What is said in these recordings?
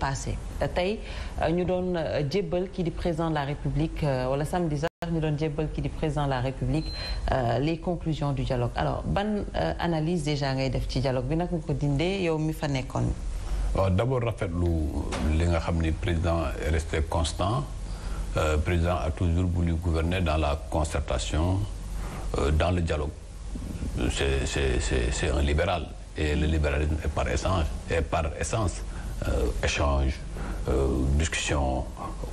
passé tey euh, ñu doon euh, jébbal kii di président de la république euh, wala samedi sax ñu doon jébbal kii di président de la république les conclusions du dialogue alors ban analyse déjà ngay def ci dialogue bi nag nga ko dindee yow mi fa nekkoon. waaw d'abord rafetlu li nga xam ni président est resté constant président a toujours voulu gouverner dans la concertation dans le dialogue c'est c'est c'est un libéral et le libéralisme est par essence est par essence Euh, échange euh, discussion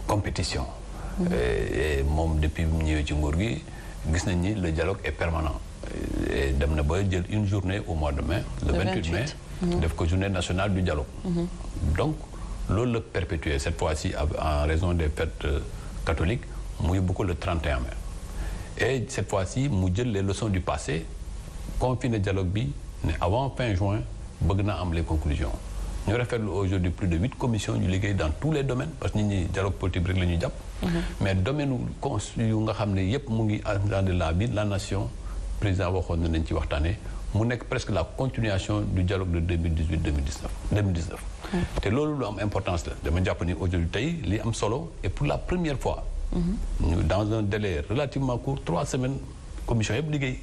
compétition e moom depuis mu ñëwee ci nguur gi gis nañ ni le dialogue est permanent dem na ba jël une journée au mois de mai le 28 mai def ko journée nationale du dialogue mm-hmm. donc loolu la perpétuer cette fois-ci en raison des fêtes euh, catholiques mu yóbbu ko le 31 mai et cette fois-ci mu jël les leçons du passé confiné dialogue bi ne avant fin juin bëgg naa am les conclusions ñu rafetlu aujourd'hui plus de huit commissions ñu liggéey dans tous les domaines parce que nit ñi dialogue politique rek la jàpp. Mm-hmm. mais domaine yu nga xam ne yépp mu ngi dans de la vie de la nation président waxoon na nañ ci waxtaanee mu nekk presque la continuation du dialogue de 2018 2019 2019. te loolu lu am importance la dama jàpp ni aujourd'hui tey li am solo et pour la première fois. Mm-hmm. ñu dans un délai relativement court trois semaines commission yépp liggéey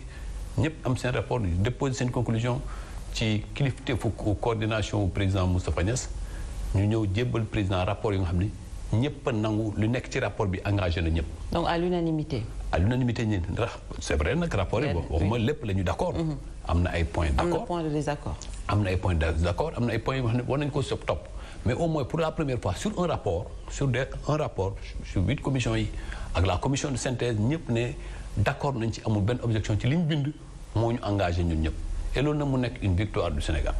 ñépp am seen rapport ci kilifteefu coordination président Moustapha Niass ñu ñëw jébbal président rapport yi nga xam ne ñëpp a nangu lu nekk ci rapport bi engagé na ñëpp. donc à l'unanimité à l'unanimité ñi ndax c'est vrai nag rapport yi boo waxuma lépp la ñu d'accord mhm. am na ay points d'accord am na point de désaccord am na ay points de désaccord am na ay points yoo xam ne war nañu ko sob topp mais au moins pour la première fois sur un rapport sur des un rapport sur huit commissions yi ak la commission de synthèse ñëpp ne d'accord nañ ci amul benn objection ci li ñu bind moo ñu engagé ñun ñëpp et loolu na mu nekk une victoire du Sénégal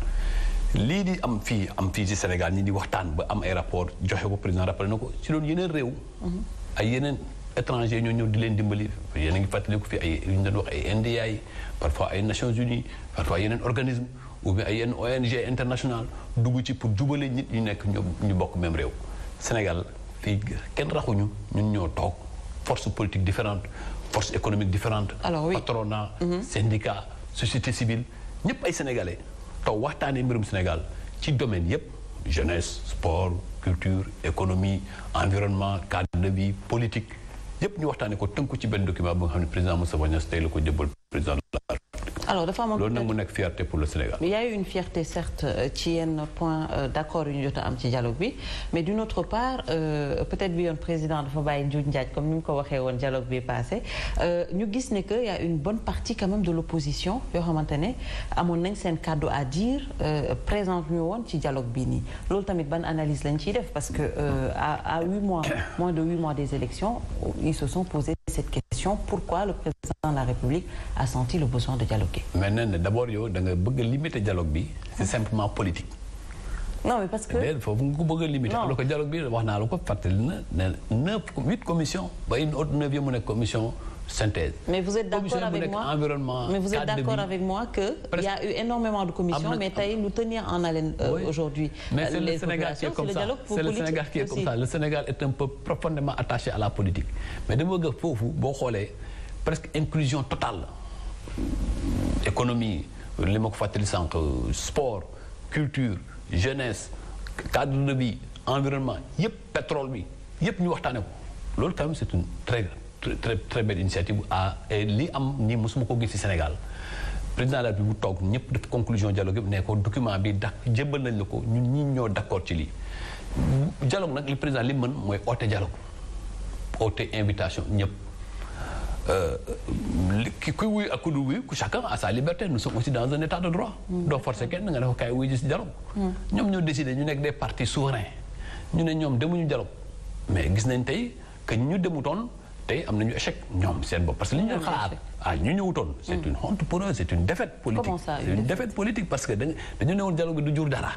lii di am fii am fii ci Sénégal ñi di waxtaan ba am ay rapport joxe ko président rappelé na ko ci loolu yeneen réew mhm. ay yeneen étranger ñoo ñëw di leen dimbali yéen a ngi fàttaliku fi ay li ñu doon wax ay NDA yi parfois ay Nations Unies parfois yeneen organisme ou ay yenn ONG internationale dugg ci pour jubalee nit ñu nekk ñu bokk même réew Sénégal fii kenn raxuñu ñun ñoo toog force politique différente force économique différente patronat mhm. syndicat société civile ñëpp ay sénégalais taw waxtaanee mbirum Sénégal ci domaine yëpp jeunesse sport culture économie environnement cadre de vie politique yëpp ñu waxtaanee ko tënku ci benn document bu nga président Moussa Niass tey la ko jëbal président de alors dafa amoon loolu nag mu nekk fierté pour le Sénégal. il y a eu une fierté certes euh, ci yenn point euh, d' am ci dialogue bi mais d' une autre part euh, peut-être bi yoon président dafa bàyyi Ndiou Ndiaye comme ni mu ko waxee woon dialogue bi passé ñu gis ne que a une bonne partie quand même de l' opposition yoo xamante ne amoon nañ seen kàddu à dire présent ñu woon ci dialogue bi nii loolu tamit ban analyse lañ ciy def parce que à à huit mois de huit mois des élections ils se sont posés. cette question pourquoi le président de la République a senti le besoin de dialoguer. mais nee na d' abord yow da nga bëgg limiter dialogue bi c' est simplement politique. non mais parce que nga ko bëgg limiter. dialogue bi wax naa la ko fàttali na ne neuf huit commissions ba une autre neuvième mu nekk commission. synthèse. mais vous êtes d'accord avec moi environnement mais vous êtes d'accord avec moi que. y a eu énormément de commissions mais tey lu tenir en haleine. Euh, oui aujourd'hui mais c'est euh, le Sénégal qui comme ça c'est profondément attaché à la politique mais dama bëgg foofu boo xoolee presque inclusion totale économie li ma ko fàttali sànq sport culture jeunesse cadre de vie environnement yëpp pétrole bi yëpp ñu waxtaane ko loolu quand même c'est une très grande très très belle initiative ah et li am ni mosuma ko gis ci Sénégal président de la bu toog ñëpp def conclusion dialogue bi ne ko document bi dak jébbal nañ ko ñun ñi ñoo d'accord ci lii. dialogue nag li président li mën mooy oote dialogue oote invitation ñëpp euh, ki kuy wuy ak ku dul wuy ku a sa liberté nous sommes aussi dans un état de droit. Mm. doo forcer kenn nga ne ko kaay wuy gis mm. ñoom ñoo décidé ñu nekk des partis souverains ñu ne ñoom demuñu dialogue mais gis nañ tey que ñu demutoon. tey am nañu échec ñoom seen bopp parce que li ñu doon xalaat ah ñu ñëwutoon c' est mm. une honte pour parce que dañu dañu newoon dialogue bi du jur dara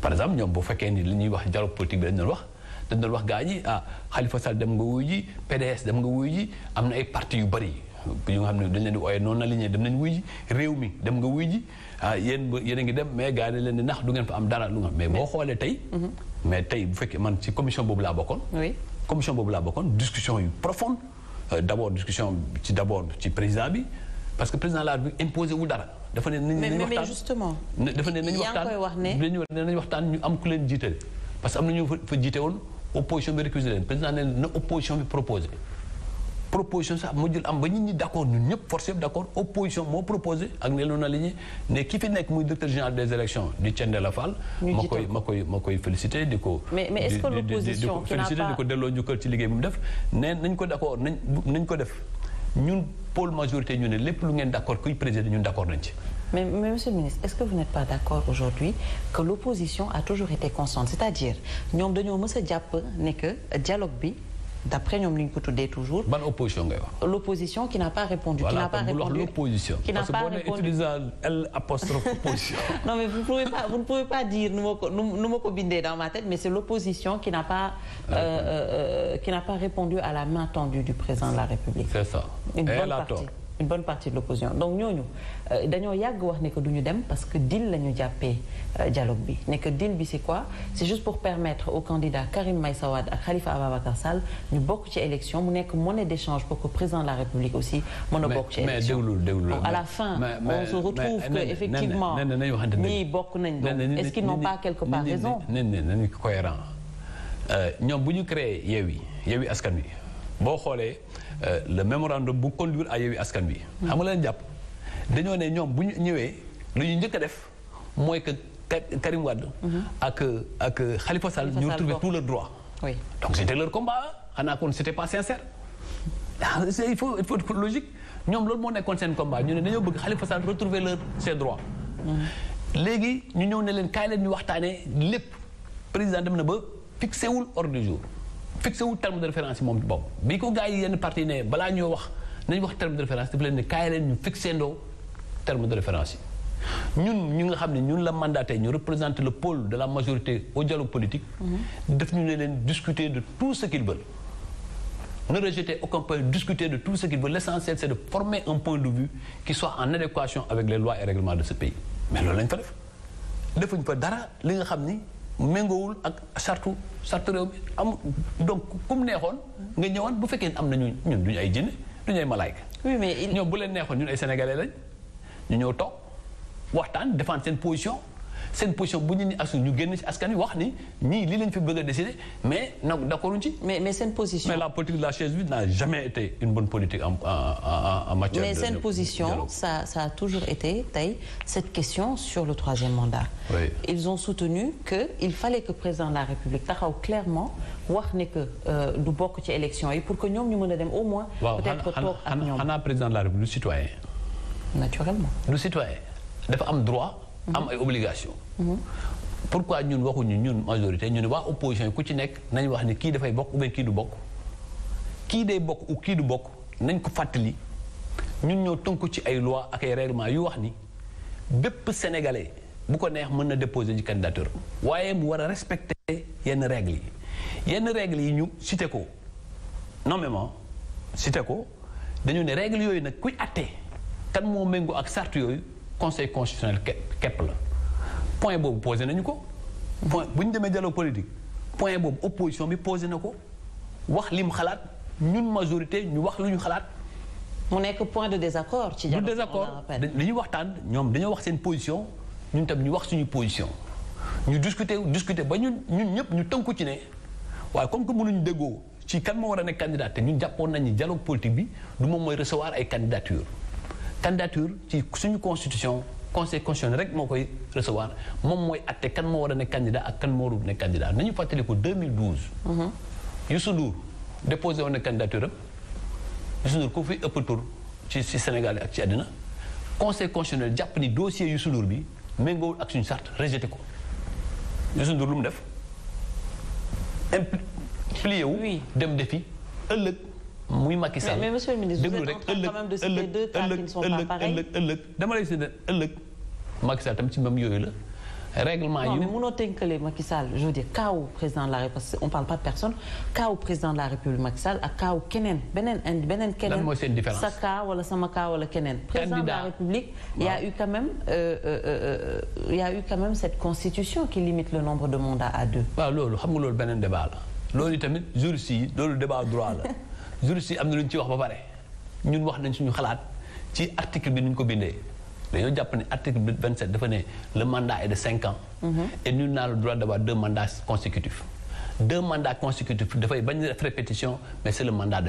par exemple ñoom bu fekkee ni li ñuy wax dialogue politique bi dañu doon wax dañu doon wax gaa ñi ah Khalifa dem nga wuy ji PDS dem nga wuy ji am na ay parti yu bëri yu nga xam ne dañ leen di ooyee na aligné dem nañ wuy ji réew mi dem nga wuy ji ah yéen yéen a ngi dem mais gaa yi leen di nax du ngeen fa am dara lu nga mais boo xoolee tey mm-hmm. mais tey bu fekkee man ci commission boobu laa bokkoon commission boobu laa bokkoon discussion yu profonde euh, d' abord discussion ci d' ci président bi parce que président la bi imposé wul dara. dafa ne nañu waxtaan mais wax ne nañu waxtaan ñu am ku leen jiitale parce que am na ñu fa jiite woon opposition bi récusé président ne na opposition bi proposé. proposition sax mujjul am ba nit ñi d' accord ñun ñëpp force yëpp d' accord opposition moo proposé ak ne loolu na la ne ki fi nekk muy directeur général des élections di Thiendella Fall. ma koy ma koy ma koy félicité di ko. mais mais est ce que l' opposition qui n' ci liggéey mu def nee nañ ko d' nañ ko def ñun pôle majorité ñu ne lépp lu ngeen d' accord kuy président ñun d' accord nañ ci. Mais, mais, monsieur le ministre, est-ce que vous n'êtes pas d'accord aujourd'hui que l'opposition a d'après ñoom li ñu ko tuddee toujours. ban opposition ngay wax. l' opposition qui n'a pas répondu. qui n'a pas répondu qui n'a pas répondu parce que boo opposition. non mais vous ne pouvez pas vous ne pouvez pas dire nu ma ko nu ma ko bindee dans ma tête mais c'est l'opposition qui n'a pas ah, euh, euh, euh, qui n'a pas répondu à la main tendue du président de la République. c'est ça une bonne partie une bonne partie de l'opposition donc ñooñu dañoo yàgg wax ne que duñu dem parce que deal la ñu jàppee dialogue bi ne que deal bi c'est quoi c'est juste pour permettre aux candidats Karim Meïssa Wade ak Khalifa Ababacar Sall ñu bokk ci élection mu nekk monnaie d'échange pour que président de la République aussi mën a bokk ci élection donc à la fin on se retrouve que effectivement ñii bokk nañ donc est-ce qu'ils n'ont pas quelque part raison nañu cohérent ñoom bu ñu créé Yewwi Yewwi Askan Wi boo xoolee euh, le mémorandum bu conduire à Yewwi askan bi xam nga leen jàpp dañoo ne ñoom bu ñu ñëwee lu ñuy njëkk def mooy que Karim Wade mhm. ak ak Khalifa Sall ñoo trouvé tout leur droit donc c'était leur xanaa kon c'était pas sincère ah, il faut il ñoom loolu moo nekkoon seen combat ñu ne dañoo bëgg Khalifa Sall retrouver leur ses droits mhm. léegi ñu ñëw ne leen kaay leen ñu waxtaanee lépp président dem na ba fixé wul ordre du jour fixé wu terme de référence yi moom boobu bi ko gars yi yenn parti ne balaa ñoo wax nañ wax terme de référence dafa leen ne kaay leen ñu fixé ndoo terme de référence yi ñun ñu nga xam ne ñun la mandaté ñu représenter le pôle de la majorité au dialogue politique def ñu ne leen discuter de tout ce qu'ils veulent ne rejeter aucun point discuter de tout ce qu'ils veulent l'essentiel c'est de former un point de vue qui soit en adéquation avec les lois et règlements de ce pays mais loolu dara li nga xam ni méngoowul ak sartu sartu réew mi am donc comme neexoon nga ñëwaat bu fekkee am nañu ñun duñu ay jinne duñu ay malaayka oui mais ñoom bu leen neexoon ñun ay sénégalais lañ ñu ñëw toog waxtaan défendre seen position seen position bu nit ñi assume ñu génn ci askan wi wax ni ñii lii lañ fi bëgg a décider mais nag d'accord ci. mais mais seen position. mais la politique de la chaise vide n'a jamais été une bonne politique en en en matière. mais seen position ça ça a toujours été tey cette question sur le troisième mandat. oui ils ont soutenu que il fallait que président de la République taxaw clairement wax ne que euh, du bokk ci élection yi pour que ñoom ñu mën a dem au moins. peut-être toog ak ñoom waaw xanaa président de la République du citoyen. naturellement du citoyen dafa am droit. am ay obligations. pourquoi ñun waxuñu ñun majorité ñu ne waa opposition ku ci nekk nañu wax ni kii dafay bokk ou bien kii du bokk kii day bokk kii du bokk nañ ko fàttali ñun ñoo tunk ci ay loi ak ay règlement yu wax ni bépp sénégalais bu ko neex mën na déposer ci candidature waaye mu war a respecter yenn règles yi yenn règles yi ñu cité ko nommément cité ko dañu ne règles yooyu nag kuy àttee kan moo méngoo ak sart yooyu conseil constitutionnel képp la point boobu posé nañu ko. point bu ñu demee dialogue politique point boobu opposition bi posé na ko wax li mu xalaat ñun majorité ñu wax lu ñu xalaat. mu nekk point de désaccord ci dialogue. du désaccord li ñu waxtaan ñoom dañoo wax seen position ñun tam ñu wax suñu position. ñu discuter discuter ba ñun ñun ñëpp ñu tënku ci ne waaye comme que mënuñu déggoo ci kan moo war a nekk candidat te ñu jàppoon nañu dialogue politique bi du moom mooy recevoir ay candidature candidature ci suñu constitution conseil constitutionnel rek moo koy recevoir moom mooy atte kan moo war a nekk candidat ak kan moo warul nekk candidat nañu fàttaliku 2012. Mhm. Youssou Ndour déposé woon na candidature am Youssou Ndour ku fi ëpp tur ci ci Sénégal ak ci àddina conseil constitutionnel jàpp ni dossier Youssou Ndour bi méngoowul ak suñu charte rejeté ko Youssou lu mu def impliqué wu dem defi ëllëg. muy Macky Sall mais monsieur le ministre déglu rek ëllëg ëllëg ëllëg ëllëg ëllëg dama lay séddale ëllëg Macky Sall tam ci même yooyu la. règlement yi non mais mënoo tënkale Macky Sall je veux dire kaawu président de la République parce que on parle pas de personne kaawu président de la République Macky Sall ak kaawu keneen beneen indi beneen. keneen lan mooy seen différence sa kaa wala sama kaa wala keneen. président de la République. il y a eu quand même euh, euh, euh, il y a eu quand même cette constitution qui limite le nombre de mandats à deux. waaw loolu xam nga loolu beneen débat la loolu tamit juriste yi loolu débat droit la. juristes yi am na lu ñu ci wax ba pare ñun wax nañ suñu xalaat ci article bi ni ñu ko bindee dañoo jàpp ne article bi 27 dafa ne le mandat est de cinq ans. Mhm. et nul n'a le droit d'avoir deux mandats consécutifs deux mandats consécutifs dafay bañ def répétition mais c'est le mandat de